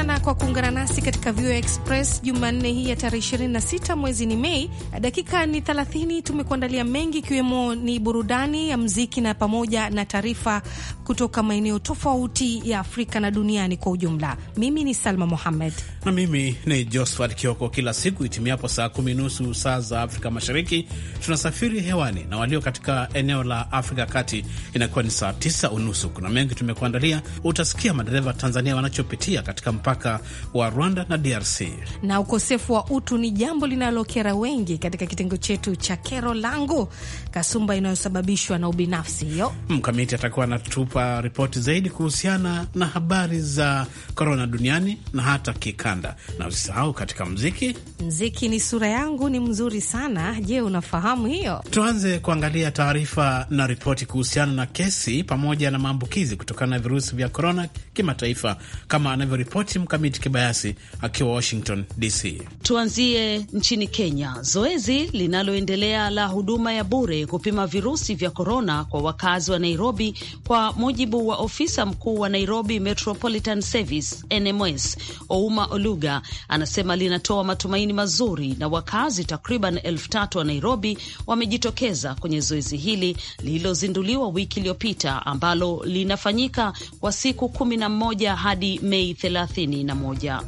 sana kwa kuungana nasi katika VOA Express Jumanne hii ya tarehe 26 mwezi ni Mei. Dakika ni 30 tumekuandalia mengi, ikiwemo ni burudani ya mziki na pamoja na taarifa kutoka maeneo tofauti ya Afrika na duniani kwa ujumla. Mimi ni Salma Mohamed na mimi ni Josphat Kioko. Kila siku itimiapo saa kumi nusu saa za Afrika Mashariki tunasafiri hewani na walio katika eneo la Afrika Kati inakuwa ni saa tisa unusu. Kuna mengi tumekuandalia, utasikia madereva Tanzania wanachopitia katika mpa mpaka wa Rwanda na DRC. Na ukosefu wa utu ni jambo linalokera wengi katika kitengo chetu cha kero langu, kasumba inayosababishwa na ubinafsi hiyo. Mkamiti atakuwa anatupa ripoti zaidi kuhusiana na habari za korona duniani na hata kikanda, na usisahau katika mziki. Mziki ni sura yangu ni mzuri sana. Je, unafahamu hiyo? Tuanze kuangalia taarifa na ripoti kuhusiana na kesi pamoja na maambukizi kutokana na virusi vya korona kimataifa, kama anavyoripoti Mkamiti Kibayasi akiwa Washington DC. Tuanzie nchini Kenya, zoezi linaloendelea la huduma ya bure Eh, kupima virusi vya korona kwa wakazi wa Nairobi, kwa mujibu wa ofisa mkuu wa Nairobi Metropolitan Service NMS Ouma Oluga anasema linatoa matumaini mazuri, na wakazi takriban elfu tatu wa Nairobi wamejitokeza kwenye zoezi hili lililozinduliwa wiki iliyopita ambalo linafanyika kwa siku kumi na moja hadi Mei thelathini na moja.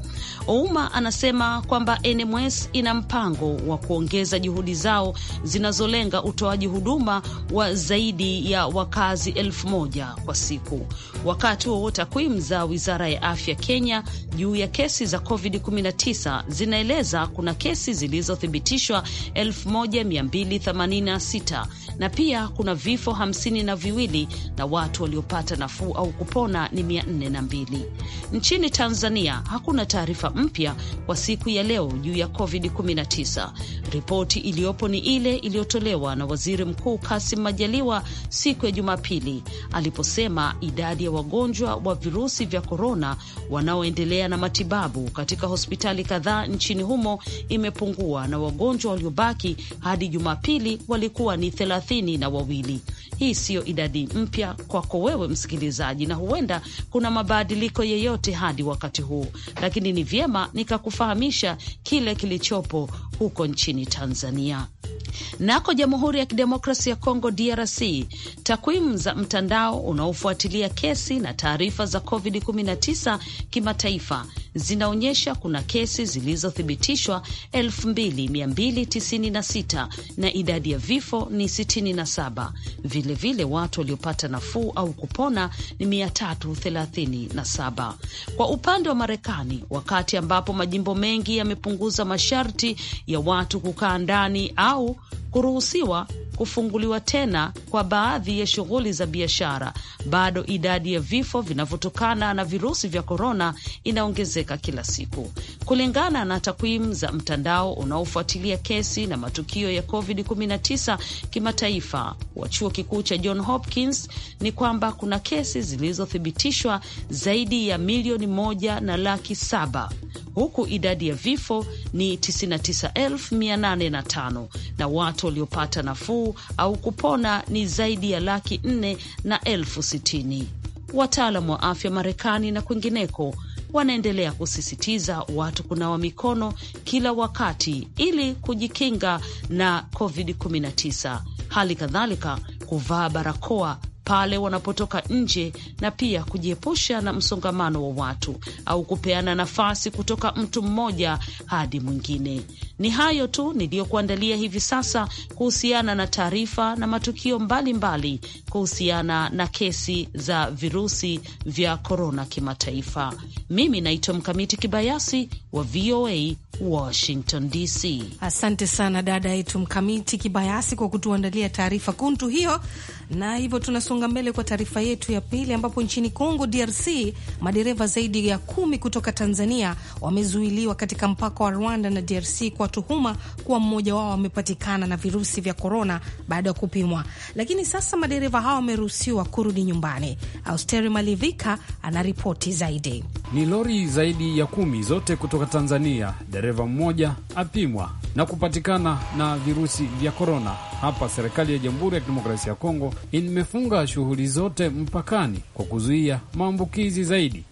Ouma anasema kwamba NMS ina mpango wa kuongeza juhudi zao zinazolenga utoaji huduma wa zaidi ya wakazi elfu moja kwa siku. Wakati huo takwimu za wizara ya afya Kenya juu ya kesi za COVID-19 zinaeleza kuna kesi zilizothibitishwa 1286 na pia kuna vifo hamsini na viwili na watu waliopata nafuu au kupona ni 402. Nchini Tanzania hakuna taarifa mpya kwa siku ya leo juu ya COVID-19. Ripoti iliyopo ni ile iliyotolewa na Waziri Mkuu Kassim Majaliwa siku ya Jumapili aliposema idadi ya wagonjwa wa virusi vya korona wanaoendelea na matibabu katika hospitali kadhaa nchini humo imepungua na wagonjwa waliobaki hadi Jumapili walikuwa ni thelathini na wawili. Hii siyo idadi mpya kwako wewe msikilizaji, na huenda kuna mabadiliko yeyote hadi wakati huu, lakini ni vyema nikakufahamisha kile kilichopo huko nchini Tanzania. Nako Jamhuri ya Kidemokrasi ya Kongo, DRC, takwimu za mtandao unaofuatilia kesi na taarifa za COVID-19 kimataifa zinaonyesha kuna kesi zilizothibitishwa 2296 na idadi ya vifo ni 67. Vilevile watu waliopata nafuu au kupona ni 337. Kwa upande wa Marekani, wakati ambapo majimbo mengi yamepunguza masharti ya watu kukaa ndani au kuruhusiwa kufunguliwa tena kwa baadhi ya shughuli za biashara, bado idadi ya vifo vinavyotokana na virusi vya korona inaongezeka kila siku, kulingana na takwimu za mtandao unaofuatilia kesi na matukio ya COVID-19 kimataifa wa chuo kikuu cha John Hopkins. Ni kwamba kuna kesi zilizothibitishwa zaidi ya milioni moja na laki saba huku idadi ya vifo ni 99805 na watu watu waliopata nafuu au kupona ni zaidi ya laki nne na elfu sitini. Wataalam wa afya Marekani na kwingineko wanaendelea kusisitiza watu kunawa mikono kila wakati ili kujikinga na COVID-19, hali kadhalika kuvaa barakoa pale wanapotoka nje na pia kujiepusha na msongamano wa watu au kupeana nafasi kutoka mtu mmoja hadi mwingine. Ni hayo tu niliyokuandalia hivi sasa kuhusiana na taarifa na matukio mbalimbali kuhusiana na kesi za virusi vya korona kimataifa. Mimi naitwa Mkamiti Kibayasi wa VOA Washington DC. Asante sana dada yetu Mkamiti Kibayasi kwa kutuandalia taarifa kuntu hiyo na hivyo tunasonga mbele kwa taarifa yetu ya pili, ambapo nchini Kongo DRC madereva zaidi ya kumi kutoka Tanzania wamezuiliwa katika mpaka wa Rwanda na DRC kwa tuhuma kuwa mmoja wao amepatikana na virusi vya korona baada ya kupimwa, lakini sasa madereva hawa wameruhusiwa kurudi nyumbani. Austeri Malivika anaripoti zaidi. Ni lori zaidi ya kumi zote kutoka Tanzania, dereva mmoja apimwa na kupatikana na virusi vya korona hapa serikali ya Jamhuri ya Kidemokrasia ya Kongo imefunga shughuli zote mpakani kwa kuzuia maambukizi zaidi.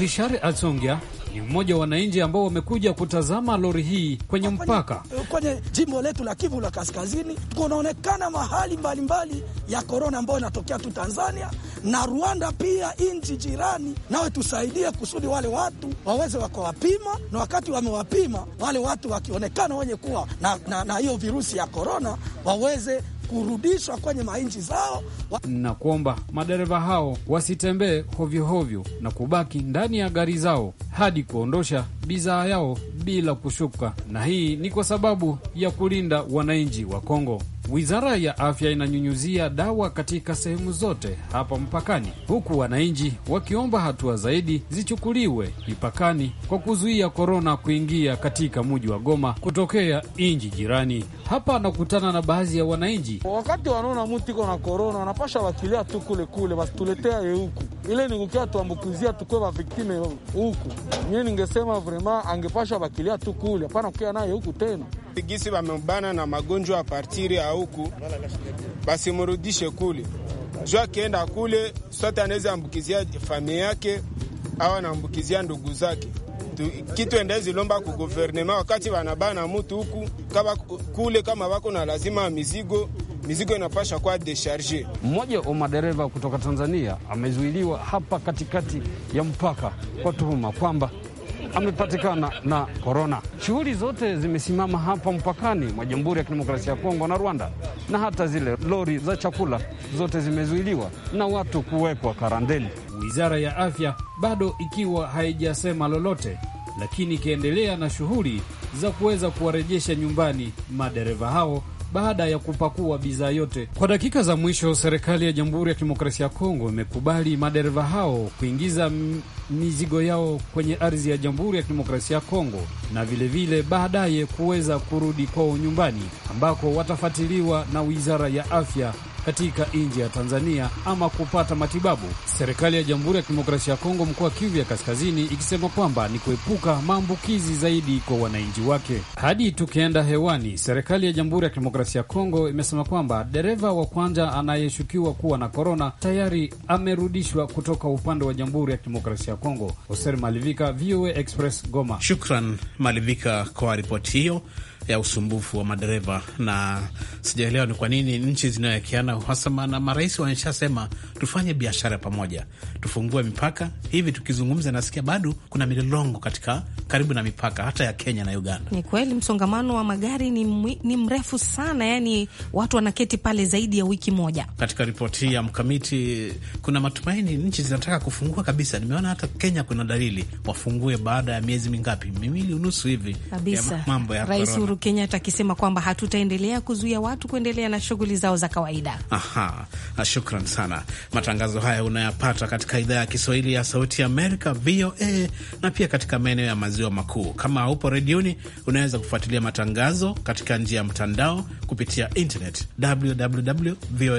Richard Atsongia ni mmoja wa wananchi ambao wamekuja kutazama lori hii kwenye mpaka kwenye jimbo letu la Kivu la Kaskazini. Kunaonekana mahali mbalimbali ya korona ambayo inatokea tu Tanzania na Rwanda pia nchi jirani, nawe tusaidie kusudi wale watu waweze wakawapima, na wakati wamewapima wale watu wakionekana wenye kuwa na hiyo virusi ya korona waweze kurudishwa kwenye mainji zao, na kuomba madereva hao wasitembee hovyohovyo na kubaki ndani ya gari zao hadi kuondosha bidhaa yao bila kushuka, na hii ni kwa sababu ya kulinda wananchi wa Kongo. Wizara ya Afya inanyunyuzia dawa katika sehemu zote hapa mpakani, huku wananchi wakiomba hatua zaidi zichukuliwe mipakani kwa kuzuia korona kuingia katika muji wa Goma kutokea nchi jirani. Hapa anakutana na baadhi ya wananchi. Wakati wanaona mtu iko na korona, wanapasha wakilia tu kule kule, tuletea ye huku, ile ni kukia tuambukizia tukue waviktime huku. Mie ningesema vrema angepasha wakilia tu kule, hapana kukia naye huku tena. Gisi wamebana na magonjwa ya partiri ya huku, murudishe kule juu, akienda kule sote anaweza ambukizia familia yake au anaambukizia ndugu zake kitu endezi lomba ku guvernema wakati wanabana mutu huku kama kule kama wako na lazima mizigo mizigo inapasha kwa desharge. Mmoja wa madereva kutoka Tanzania amezuiliwa hapa katikati ya mpaka kwa tuhuma kwamba amepatikana na korona. Shughuli zote zimesimama hapa mpakani mwa Jamhuri ya Kidemokrasia ya Kongo na Rwanda na hata zile lori za chakula zote zimezuiliwa na watu kuwekwa karandeli Wizara ya Afya bado ikiwa haijasema lolote, lakini ikiendelea na shughuli za kuweza kuwarejesha nyumbani madereva hao baada ya kupakua bidhaa yote. Kwa dakika za mwisho, serikali ya Jamhuri ya Kidemokrasia ya Kongo imekubali madereva hao kuingiza mizigo yao kwenye ardhi ya Jamhuri ya Kidemokrasia ya Kongo na vilevile baadaye kuweza kurudi kwao nyumbani ambako watafuatiliwa na Wizara ya Afya katika nji ya Tanzania ama kupata matibabu. Serikali ya Jamhuri ya Kidemokrasia ya Kongo mkoa wa Kivu ya Kaskazini ikisema kwamba ni kuepuka maambukizi zaidi kwa wananchi wake. Hadi tukienda hewani, serikali ya Jamhuri ya Kidemokrasia ya Kongo imesema kwamba dereva wa kwanza anayeshukiwa kuwa na korona tayari amerudishwa kutoka upande wa Jamhuri ya Kidemokrasia ya Kongo. Hoser Malivika, VOA Express, Goma. Shukran Malivika kwa ripoti hiyo ya usumbufu wa madereva, na sijaelewa ni kwa nini nchi zinayoekeana uhasama na marais wameshasema tufanye biashara pamoja, tufungue mipaka. Hivi tukizungumza, nasikia bado kuna milolongo katika karibu na mipaka hata ya Kenya na Uganda. Ni kweli msongamano wa magari ni, mwi, ni mrefu sana, yani watu wanaketi pale zaidi ya wiki moja. Katika ripoti hii ya mkamiti, kuna matumaini nchi zinataka kufungua kabisa. Nimeona hata Kenya kuna dalili wafungue baada ya miezi mingapi, miwili unusu hivi ya mambo ya Uhuru Kenyatta akisema kwamba hatutaendelea kuzuia watu kuendelea na shughuli zao za kawaida. Aha, shukran sana. Matangazo haya unayapata katika idhaa ya Kiswahili ya Sauti ya Amerika, VOA, na pia katika maeneo ya maziwa makuu. Kama haupo redioni, unaweza kufuatilia matangazo katika njia ya mtandao kupitia internet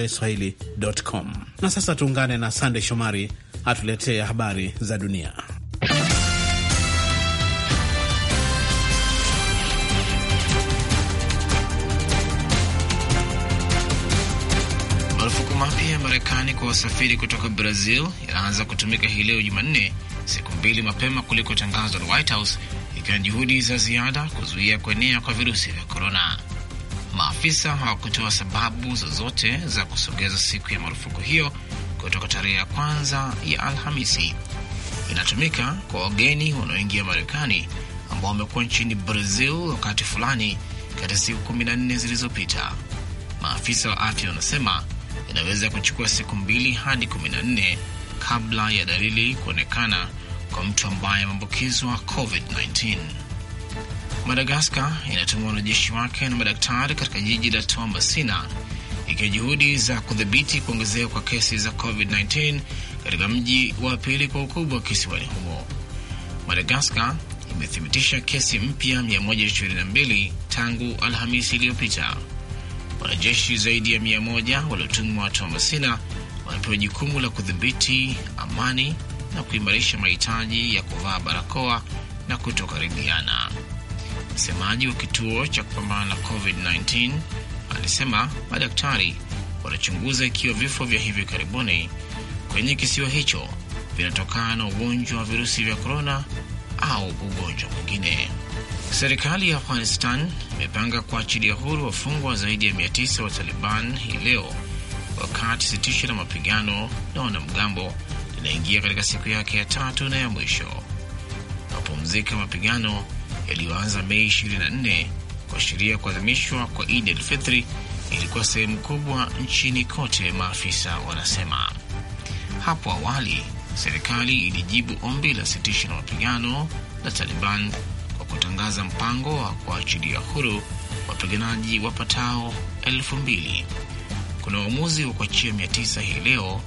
swahilicom Na sasa tuungane na sandey Shomari atuletee habari za dunia. Marekani kwa wasafiri kutoka Brazil yanaanza kutumika hii leo Jumanne, siku mbili mapema kuliko tangazo la White House, ikiwa ni juhudi za ziada kuzuia kuenea kwa virusi vya korona. Maafisa hawakutoa sababu zozote za, kusogeza siku ya marufuku hiyo kutoka tarehe ya kwanza ya Alhamisi. Inatumika kwa wageni wanaoingia Marekani ambao wamekuwa nchini Brazil wakati fulani katika siku 14 zilizopita. Maafisa wa afya wanasema inaweza kuchukua siku mbili hadi kumi na nne kabla ya dalili kuonekana kwa mtu ambaye ameambukizwa COVID-19. Madagaskar inatuma wanajeshi wake na madaktari katika jiji la Toamasina, ikiwa juhudi za kudhibiti kuongezeka kwa kesi za COVID-19 katika mji wa pili kwa ukubwa kisiwani humo. Madagaskar imethibitisha kesi mpya 122 tangu Alhamisi iliyopita wanajeshi zaidi ya mia moja waliotumwa Tomasina wamepewa jukumu la kudhibiti amani na kuimarisha mahitaji ya kuvaa barakoa na kutokaribiana. Msemaji wa kituo cha kupambana na COVID-19 alisema madaktari wanachunguza ikiwa vifo vya hivi karibuni kwenye kisiwa hicho vinatokana na ugonjwa wa virusi vya korona au ugonjwa mwingine. Serikali ya Afghanistan imepanga kuachilia huru wafungwa zaidi ya 900 wa Taliban hii leo, wakati sitisho la mapigano na wanamgambo linaingia katika siku yake ya tatu na ya mwisho. Mapumziko ya mapigano yaliyoanza Mei 24 kuashiria kuadhimishwa kwa Idi al-Fitri ilikuwa sehemu kubwa nchini kote, maafisa wanasema. Hapo awali serikali ilijibu ombi la sitisho la mapigano la Taliban kutangaza mpango wa kuachilia huru wapiganaji wapatao elfu mbili. Kuna uamuzi wa kuachia mia tisa hii leo.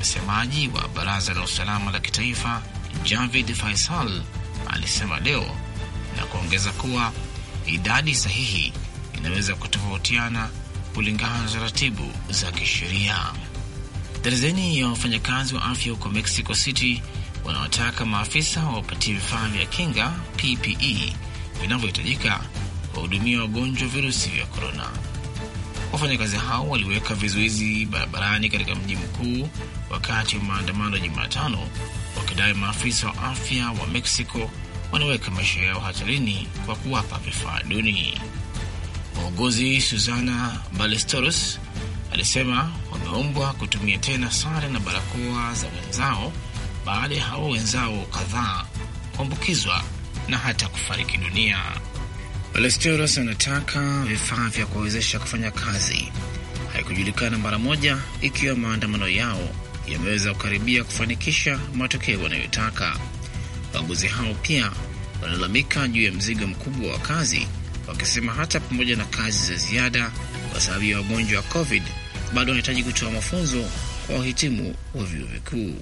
Msemaji wa baraza la usalama la kitaifa Javid Faisal alisema leo na kuongeza kuwa idadi sahihi inaweza kutofautiana kulingana na taratibu za kisheria. Darzeni ya wafanyakazi wa afya huko Mexico City wanaotaka maafisa wapatie vifaa vya kinga PPE vinavyohitajika kuwahudumia wagonjwa virusi vya korona. Wafanyakazi hao waliweka vizuizi barabarani katika mji mkuu wakati wa maandamano Jumatano, wakidai maafisa wa afya wa Meksiko wanaweka maisha yao hatarini kwa kuwapa vifaa duni. Muuguzi Susana Balesteros alisema wameombwa kutumia tena sare na barakoa za wenzao baada ya hao wenzao kadhaa kuambukizwa na hata kufariki dunia. Balesteros anataka vifaa vya kuwawezesha kufanya kazi. Haikujulikana mara moja ikiwa maandamano yao yameweza kukaribia kufanikisha matokeo wanayotaka. Wauguzi hao pia wanalalamika juu ya mzigo mkubwa wa kazi, wakisema hata pamoja na kazi za ziada kwa sababu ya wagonjwa wa COVID bado wanahitaji kutoa mafunzo kwa wahitimu wa vyuo vikuu.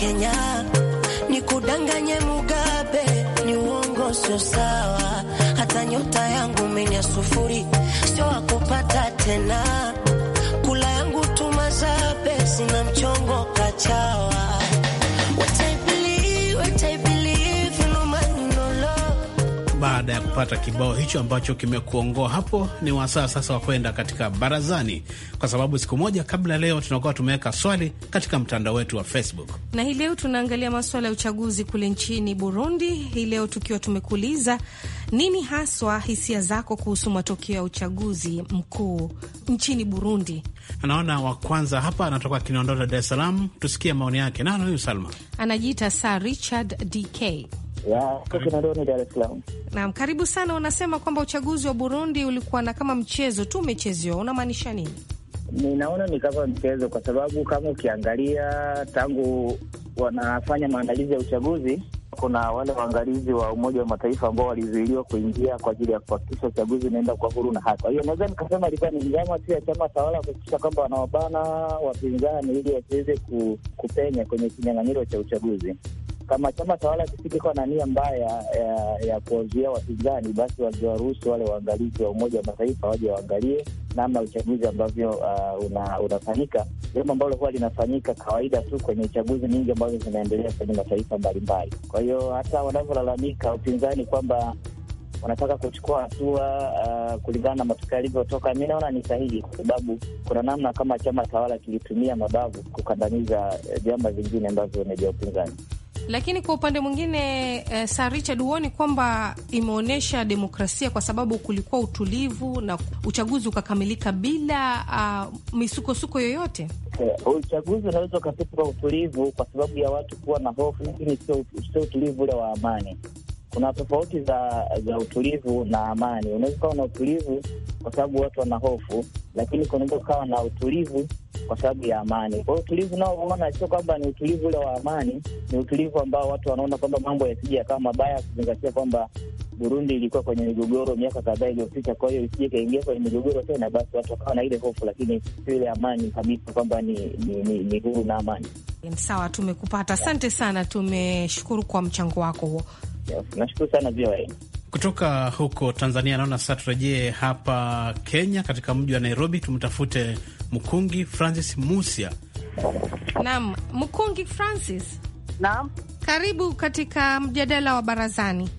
Kenya, kudanganye Mugabe ni uongo, sio sawa. Hata nyota yangu menya sufuri, sio wakupata tena. Kula yangu tumazabe, sina mchongo kachawa kupata kibao hicho ambacho kimekuongoa hapo, ni wasaa sasa wa kwenda katika barazani, kwa sababu siku moja kabla leo tunakuwa tumeweka swali katika mtandao wetu wa Facebook, na hii leo tunaangalia maswala ya uchaguzi kule nchini Burundi, hii leo tukiwa tumekuuliza nini haswa hisia zako kuhusu matokeo ya uchaguzi mkuu nchini Burundi. Anaona wa kwanza hapa anatoka Kinondoni, Dar es Salaam. Tusikie maoni yake. Nani huyu? Salma anajiita Sir Richard DK. Dar Naam, karibu sana. Unasema kwamba uchaguzi wa Burundi ulikuwa na kama mchezo tu umechezewa, unamaanisha nini? Ninaona ni kama mchezo, kwa sababu kama ukiangalia tangu wanafanya maandalizi ya uchaguzi, kuna wale waangalizi wa Umoja wa Mataifa ambao walizuiliwa kuingia kwa ajili ya kuhakikisha uchaguzi unaenda kwa huru na haki. Kwa hiyo naweza nikasema ilikuwa ni njama tu ya chama tawala kuhakikisha kwamba wanawabana wapinzani ili wasiweze kupenya kwenye kinyang'anyiro cha uchaguzi kama chama tawala kisingekuwa na nia mbaya ya, ya kuwazuia wapinzani, basi wangewaruhusu wale waangalizi wa Umoja wa Mataifa waje waangalie namna uchaguzi ambavyo uh, una, jambo ambalo huwa linafanyika kawaida tu kwenye chaguzi nyingi ambazo zinaendelea kwenye mataifa mbalimbali. Kwa hiyo hata wanavyolalamika upinzani kwamba wanataka kuchukua hatua uh, kulingana na matokeo yalivyotoka, mi naona ni sahihi, kwa sababu kuna namna kama chama tawala kilitumia mabavu kukandamiza eh, vyama vingine ambavyo ni vya upinzani. Lakini kwa upande mwingine eh, Sir Richard, huoni kwamba imeonyesha demokrasia, kwa sababu kulikuwa utulivu na uchaguzi ukakamilika bila uh, misukosuko yoyote? Uh, uchaguzi unaweza ukapitwa utulivu kwa sababu ya watu kuwa na hofu, lakini sio utulivu ule wa amani. Kuna tofauti za za utulivu na amani. Unaweza ukawa na utulivu kwa sababu watu wana hofu, lakini kunaweza ukawa na utulivu kwa sababu ya amani. Kwa hiyo utulivu unaoona sio kwamba ni utulivu ule wa amani, ni utulivu ambao watu wanaona kwamba mambo yasije yakawa mabaya, kuzingatia kwamba Burundi ilikuwa kwenye migogoro miaka kadhaa iliyopita. Kwa hiyo isije ikaingia kwenye migogoro tena, basi watu wakawa na ile hofu, lakini sio ile amani kabisa kwamba ni ni, ni, ni huru na amani. Sawa, tumekupata. Asante sana, tumeshukuru kwa mchango wako huo. Yes, nashukuru sana VOA kutoka huko Tanzania. Naona sasa turejee hapa Kenya, katika mji wa Nairobi, tumtafute Mkungi Francis Musia. Naam, Mkungi Francis. Naam. Karibu katika mjadala wa barazani.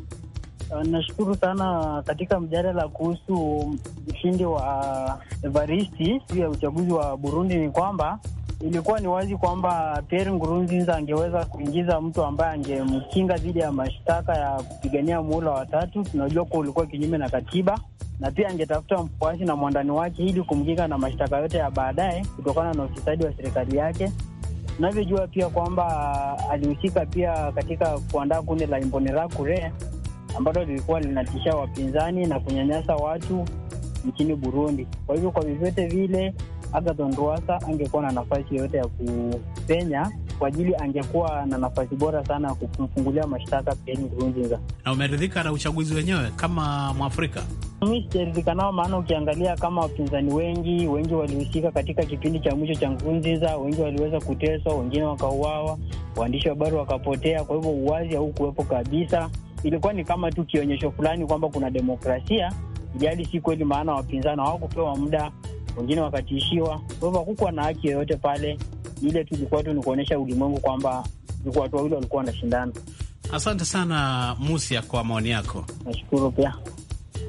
Uh, nashukuru sana katika mjadala kuhusu mshindi wa Evaristi juu ya uchaguzi wa Burundi, ni kwamba ilikuwa ni wazi kwamba Pierre Nkurunziza angeweza kuingiza mtu ambaye angemkinga dhidi ya mashtaka ya kupigania muhula watatu. Tunajua kuwa ulikuwa kinyume na katiba, na pia angetafuta mfuasi na mwandani wake ili kumkika na mashtaka yote ya baadaye kutokana na ufisadi wa serikali yake. unavyojua pia kwamba ah, alihusika pia katika kuandaa kundi la Imbonerakure ambalo lilikuwa linatisha wapinzani na kunyanyasa watu nchini Burundi. Kwa hivyo, kwa vyovyote vile, Agathon Rwasa angekuwa na nafasi yoyote ya kupenya kwa ajili angekuwa na nafasi bora sana ya kumfungulia mashtaka Pierre Nkurunziza. Na umeridhika na uchaguzi wenyewe kama Mwafrika? Mi sijaridhika nao, maana ukiangalia kama wapinzani wengi wengi walihusika katika kipindi cha mwisho cha Nkurunziza, wengi waliweza kuteswa, wengine wakauawa, waandishi wa habari wakapotea. Kwa hivyo uwazi haukuwepo kabisa, ilikuwa ni kama tu kionyesho fulani kwamba kuna demokrasia, ijali si kweli, maana wapinzani hawakupewa muda, wengine wakatishiwa. Kwa hivyo hakukuwa na haki yoyote pale ile tu ilikuwa tu ni kuonyesha ulimwengu kwamba watu wawili walikuwa wanashindana. Asante sana Musia kwa maoni yako, nashukuru pia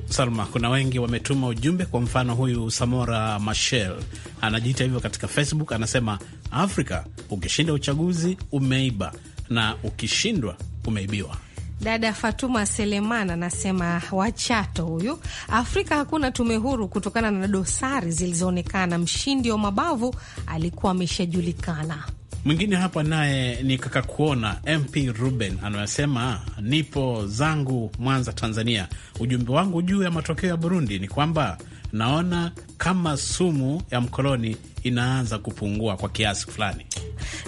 Salma, kuna wengi wametuma ujumbe. Kwa mfano, huyu Samora Machel anajiita hivyo katika Facebook, anasema Afrika, ukishinda uchaguzi umeiba na ukishindwa umeibiwa. Dada Fatuma Seleman anasema wachato huyu, Afrika hakuna tume huru kutokana na dosari zilizoonekana. Mshindi wa mabavu alikuwa ameshajulikana. Mwingine hapa naye ni kaka kuona MP Ruben anayosema nipo zangu Mwanza, Tanzania. Ujumbe wangu juu ya matokeo ya Burundi ni kwamba naona kama sumu ya mkoloni inaanza kupungua kwa kiasi fulani.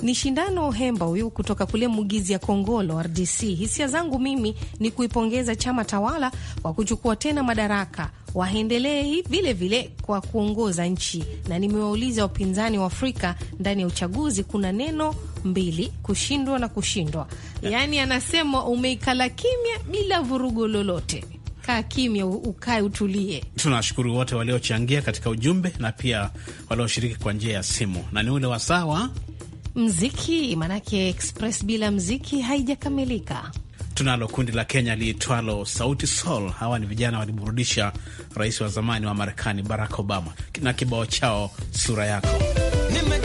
Ni shindano hemba huyu kutoka kule Mugizi ya Kongolo, RDC. Hisia zangu mimi ni kuipongeza chama tawala kwa kuchukua tena madaraka, waendelee vile vile kwa kuongoza nchi. Na nimewauliza wapinzani wa Afrika ndani ya uchaguzi, kuna neno mbili, kushindwa na kushindwa. Yaani anasema umeikala kimya bila vurugu lolote kaa kimya, ukae utulie. Tunawashukuru wote waliochangia katika ujumbe na pia walioshiriki kwa njia ya simu, na ni ule wasawa mziki, maanake Express bila mziki haijakamilika. Tunalo kundi la Kenya liitwalo Sauti Sol. Hawa ni vijana waliburudisha rais wa zamani wa Marekani Barack Obama na kibao chao sura yako Nime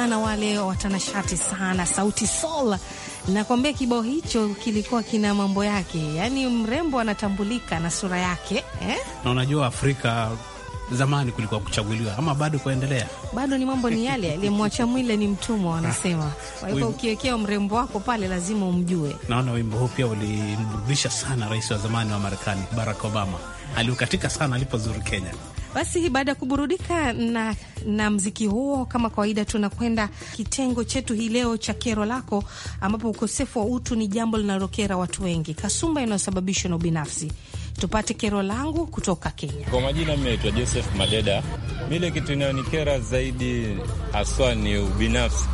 vijana wale watanashati sana, Sauti Sol. Nakwambia kibao hicho kilikuwa kina mambo yake, yaani mrembo anatambulika na sura yake eh? Na unajua Afrika zamani kulikuwa kuchaguliwa ama bado kuendelea, bado ni mambo ni yale aliyemwacha mwile ni mtumwa wanasema. Ah, Kwa hivyo ukiwekea mrembo wako pale lazima umjue. Naona wimbo huu pia ulimrudisha sana rais wa zamani wa Marekani Barack Obama, aliukatika sana alipozuru Kenya. Basi baada ya kuburudika na, na mziki huo, kama kawaida, tunakwenda kitengo chetu hii leo cha kero lako, ambapo ukosefu wa utu ni jambo linalokera watu wengi, kasumba inayosababishwa na ubinafsi. Tupate kero langu kutoka Kenya. Kwa majina, mimi naitwa Joseph Madeda. Mile kitu inayonikera zaidi haswa ni ubinafsi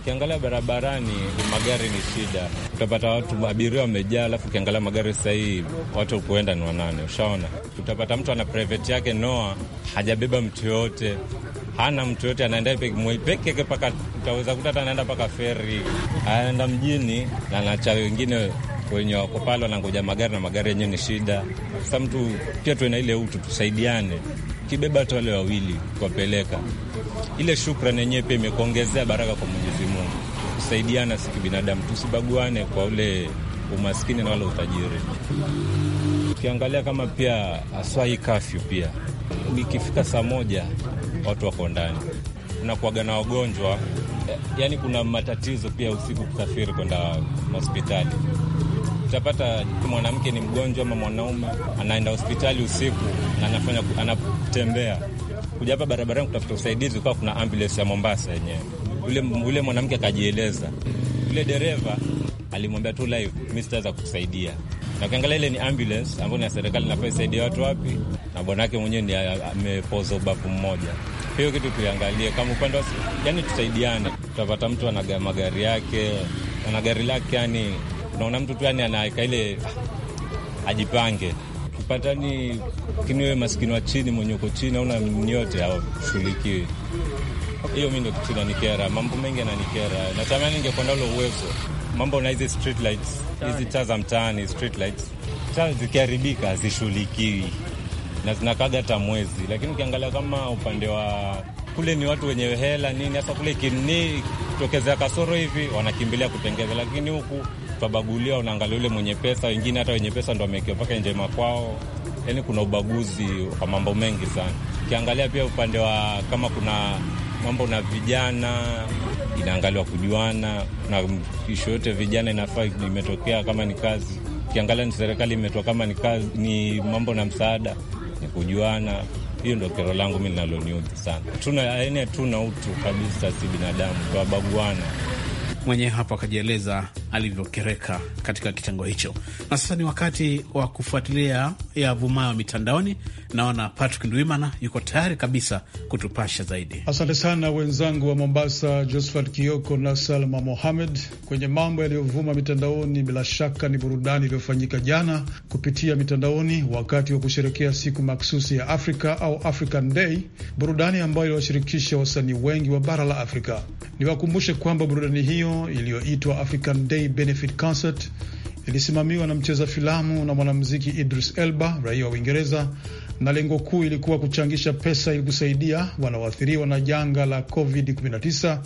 Ukiangalia barabarani magari ni shida, utapata watu abiria wamejaa, alafu ukiangalia magari sahii watu kuenda ni wanane. Ushaona, utapata mtu ana private yake noa, hajabeba mtu yoyote, hana mtu yoyote, anaenda peke yake mpaka utaweza kuta hata anaenda mpaka feri, anaenda mjini na nacha wengine wenye wako pale wanangoja magari na magari yenyewe ni shida. Sa mtu pia tuena ile utu, tusaidiane kibeba hata wale wawili kuwapeleka. Ile shukrani yenyewe pia imekuongezea baraka kwa Mwenyezi tusaidiana si kibinadamu, tusibaguane kwa ule umaskini na wale utajiri. Ukiangalia kama pia aswai kafyu pia ikifika saa moja watu wako ndani, unakuwaga na wagonjwa, yaani kuna matatizo pia usiku kusafiri kwenda hospitali. Utapata mwanamke ni mgonjwa ama mwanaume anaenda hospitali usiku na anafanya anatembea kuja hapa barabarani kutafuta usaidizi, ukawa kuna ambulance ya Mombasa yenyewe yule yule mwanamke akajieleza, yule dereva alimwambia tu live, mi sitaweza kusaidia. Na ukiangalia ile ni ambulance ambayo ni ya serikali, nafaa isaidia watu wapi, na bwanawake mwenyewe ni amepoza ubavu mmoja. Hiyo kitu tuiangalie kama upande wa yani, tusaidiane. Tutapata mtu ana magari yake ana gari lake, yani unaona mtu tu yani anaweka ile ah, ajipange kipatani kiniwe maskini wa chini mwenye uko chini auna mnyote au hiyo mi ndo kitu nanikera, mambo mengi ananikera Natamani ningekuwa nalo uwezo, mambo na hizi street lights, hizi taa za mtaani, street lights, taa zikiharibika zishughulikiwi na zinakaga hata mwezi, lakini ukiangalia kama upande wa kule ni watu wenye hela nini, hasa kule kini tokezea kasoro hivi wanakimbilia kutengeza, lakini huku tabaguliwa unaangalia ule mwenye pesa, wengine hata wenye pesa ndo wameekewa mpaka njema kwao. Yani kuna ubaguzi kwa mambo mengi sana. Ukiangalia pia upande wa kama kuna mambo na vijana inaangaliwa kujuana na isho yote vijana inafaa imetokea kama ni kazi, ukiangalia ni serikali imetoa kama ni kazi, ni mambo na msaada, ni kujuana. Hiyo ndo kero langu mi linaloniudhi sana. Tuna aina yaani tuna utu kabisa, si binadamu, twabaguana mwenyewe hapo akajieleza alivyokereka katika kitengo hicho. Na sasa ni wakati wa kufuatilia yavumayo mitandaoni. Naona Patrick Ndwimana yuko tayari kabisa kutupasha zaidi. Asante sana wenzangu wa Mombasa, Josephat Kioko na Salma Mohamed kwenye mambo yaliyovuma mitandaoni. Bila shaka ni burudani iliyofanyika jana kupitia mitandaoni wakati wa kusherekea siku maksusi ya Afrika au African Day, burudani ambayo iliwashirikisha wasanii wengi wa bara la Afrika. Niwakumbushe kwamba burudani hiyo iliyoitwa African Day Day Benefit Concert ilisimamiwa na mcheza filamu na mwanamuziki Idris Elba, raia wa Uingereza, na lengo kuu ilikuwa kuchangisha pesa ili kusaidia wanaoathiriwa na janga la COVID-19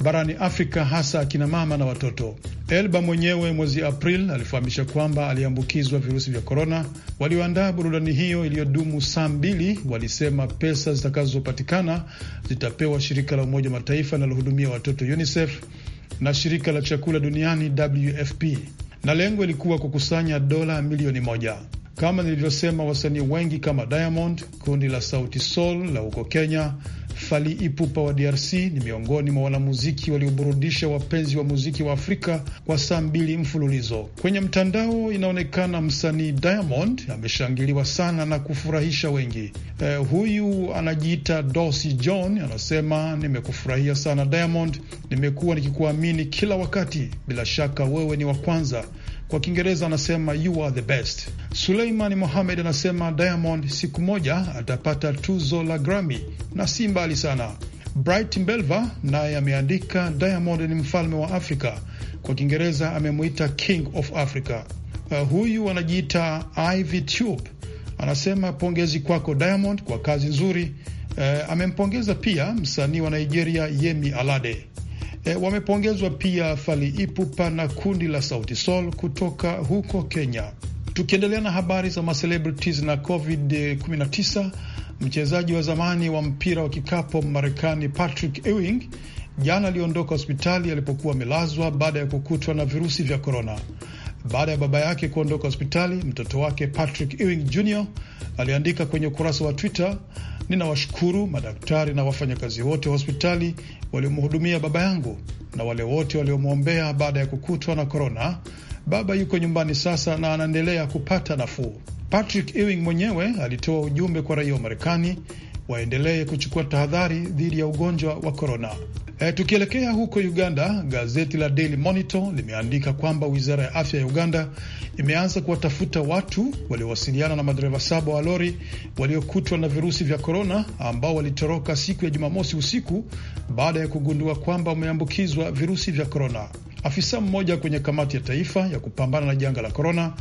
barani Afrika, hasa akina mama na watoto. Elba mwenyewe mwezi April alifahamisha kwamba aliambukizwa virusi vya korona. Walioandaa burudani hiyo iliyodumu saa mbili walisema pesa zitakazopatikana zitapewa shirika la Umoja Mataifa linalohudumia watoto UNICEF na shirika la chakula duniani WFP, na lengo ilikuwa kukusanya dola milioni moja. Kama nilivyosema, wasanii wengi kama Diamond, kundi la Sauti Sol la huko Kenya Fali Ipupa wa DRC ni miongoni mwa wanamuziki walioburudisha wapenzi wa muziki wa Afrika kwa saa mbili mfululizo. Kwenye mtandao inaonekana msanii Diamond ameshangiliwa sana na kufurahisha wengi. Eh, huyu anajiita Dosi John anasema, nimekufurahia sana Diamond, nimekuwa nikikuamini kila wakati, bila shaka wewe ni wa kwanza kwa Kiingereza anasema you are the best. Suleimani Mohamed anasema Diamond siku moja atapata tuzo la Grammy na si mbali sana. Bright Mbelva naye ameandika Diamond ni mfalme wa Afrika. Kwa Kiingereza amemwita King of Africa. Uh, huyu anajiita Ivy Tube anasema pongezi kwako Diamond kwa kazi nzuri. Uh, amempongeza pia msanii wa Nigeria Yemi Alade. E, wamepongezwa pia Fally Ipupa na kundi la Sauti Sol kutoka huko Kenya. Tukiendelea na habari za macelebrities na COVID-19, mchezaji wa zamani wa mpira wa kikapo Marekani Patrick Ewing jana aliondoka hospitali alipokuwa amelazwa baada ya kukutwa na virusi vya korona baada ya baba yake kuondoka hospitali. Mtoto wake Patrick Ewing Jr aliandika kwenye ukurasa wa Twitter, ninawashukuru madaktari na wafanyakazi wote wa hospitali waliomhudumia baba yangu na wale wote waliomwombea baada ya kukutwa na korona. Baba yuko nyumbani sasa na anaendelea kupata nafuu. Patrick Ewing mwenyewe alitoa ujumbe kwa raia wa Marekani waendelee kuchukua tahadhari dhidi ya ugonjwa wa korona. E, tukielekea huko Uganda, gazeti la Daily Monitor limeandika kwamba wizara ya afya ya Uganda imeanza kuwatafuta watu waliowasiliana na madereva saba wa lori waliokutwa na virusi vya korona ambao walitoroka siku ya Jumamosi usiku baada ya kugundua kwamba wameambukizwa virusi vya korona. Afisa mmoja kwenye kamati ya taifa ya kupambana na janga la korona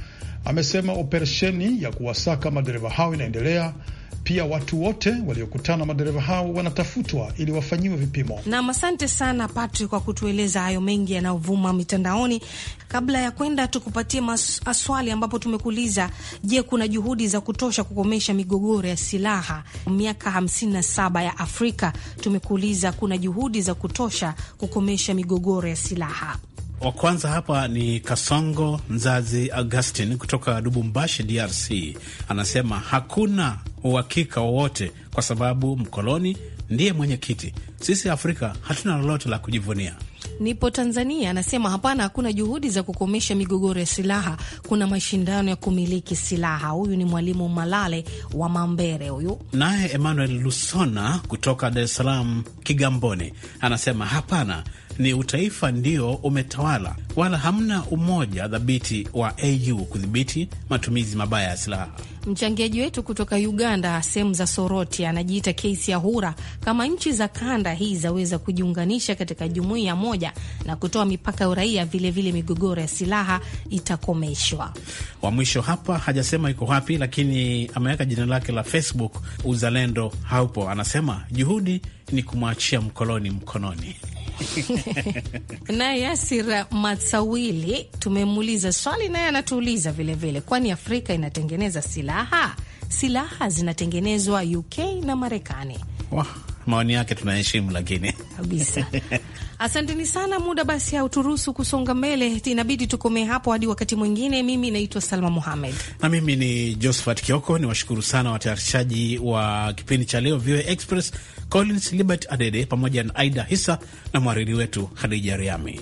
amesema operesheni ya kuwasaka madereva hao inaendelea pia watu wote waliokutana madereva hao wanatafutwa ili wafanyiwe vipimo. Nam, asante sana Patrick kwa kutueleza hayo mengi yanayovuma mitandaoni. Kabla ya kwenda, tukupatie maswali ambapo tumekuuliza, je, kuna juhudi za kutosha kukomesha migogoro ya silaha miaka 57 ya Afrika? Tumekuuliza, kuna juhudi za kutosha kukomesha migogoro ya silaha? Wa kwanza hapa ni Kasongo Mzazi Augustin kutoka Lubumbashi, DRC. Anasema hakuna uhakika wowote kwa sababu mkoloni ndiye mwenyekiti. Sisi Afrika hatuna lolote la kujivunia. Nipo Tanzania, anasema hapana, hakuna juhudi za kukomesha migogoro ya silaha, kuna mashindano ya kumiliki silaha. Huyu ni Mwalimu Malale wa Mambere huyu. Naye Emmanuel Lusona kutoka Dar es Salaam, Kigamboni, anasema hapana, ni utaifa ndio umetawala, wala hamna umoja dhabiti wa AU kudhibiti matumizi mabaya ya silaha. Mchangiaji wetu kutoka Uganda, sehemu za Soroti, anajiita ya Hura. kama nchi za kanda hii zaweza kujiunganisha katika jumuiya moja na kutoa mipaka ya uraia, vilevile migogoro ya silaha itakomeshwa. Wa mwisho hapa hajasema iko wapi, lakini ameweka jina lake la Facebook, uzalendo haupo. Anasema juhudi ni kumwachia mkoloni mkononi. naye Yasir Matsawili tumemuuliza swali, naye anatuuliza vilevile, kwani Afrika inatengeneza silaha? Silaha zinatengenezwa UK na Marekani. Wow, maoni yake tunaheshimu lakini kabisa. Asanteni sana, muda basi hauturuhusu kusonga mbele, inabidi tukomee hapo hadi wakati mwingine. Mimi naitwa Salma Muhamed na mimi ni Josephat Kioko. Ni washukuru sana watayarishaji wa kipindi cha leo VOA Express Collins Libert Adede pamoja na Aida hisa na mwariri wetu Khadija Riami.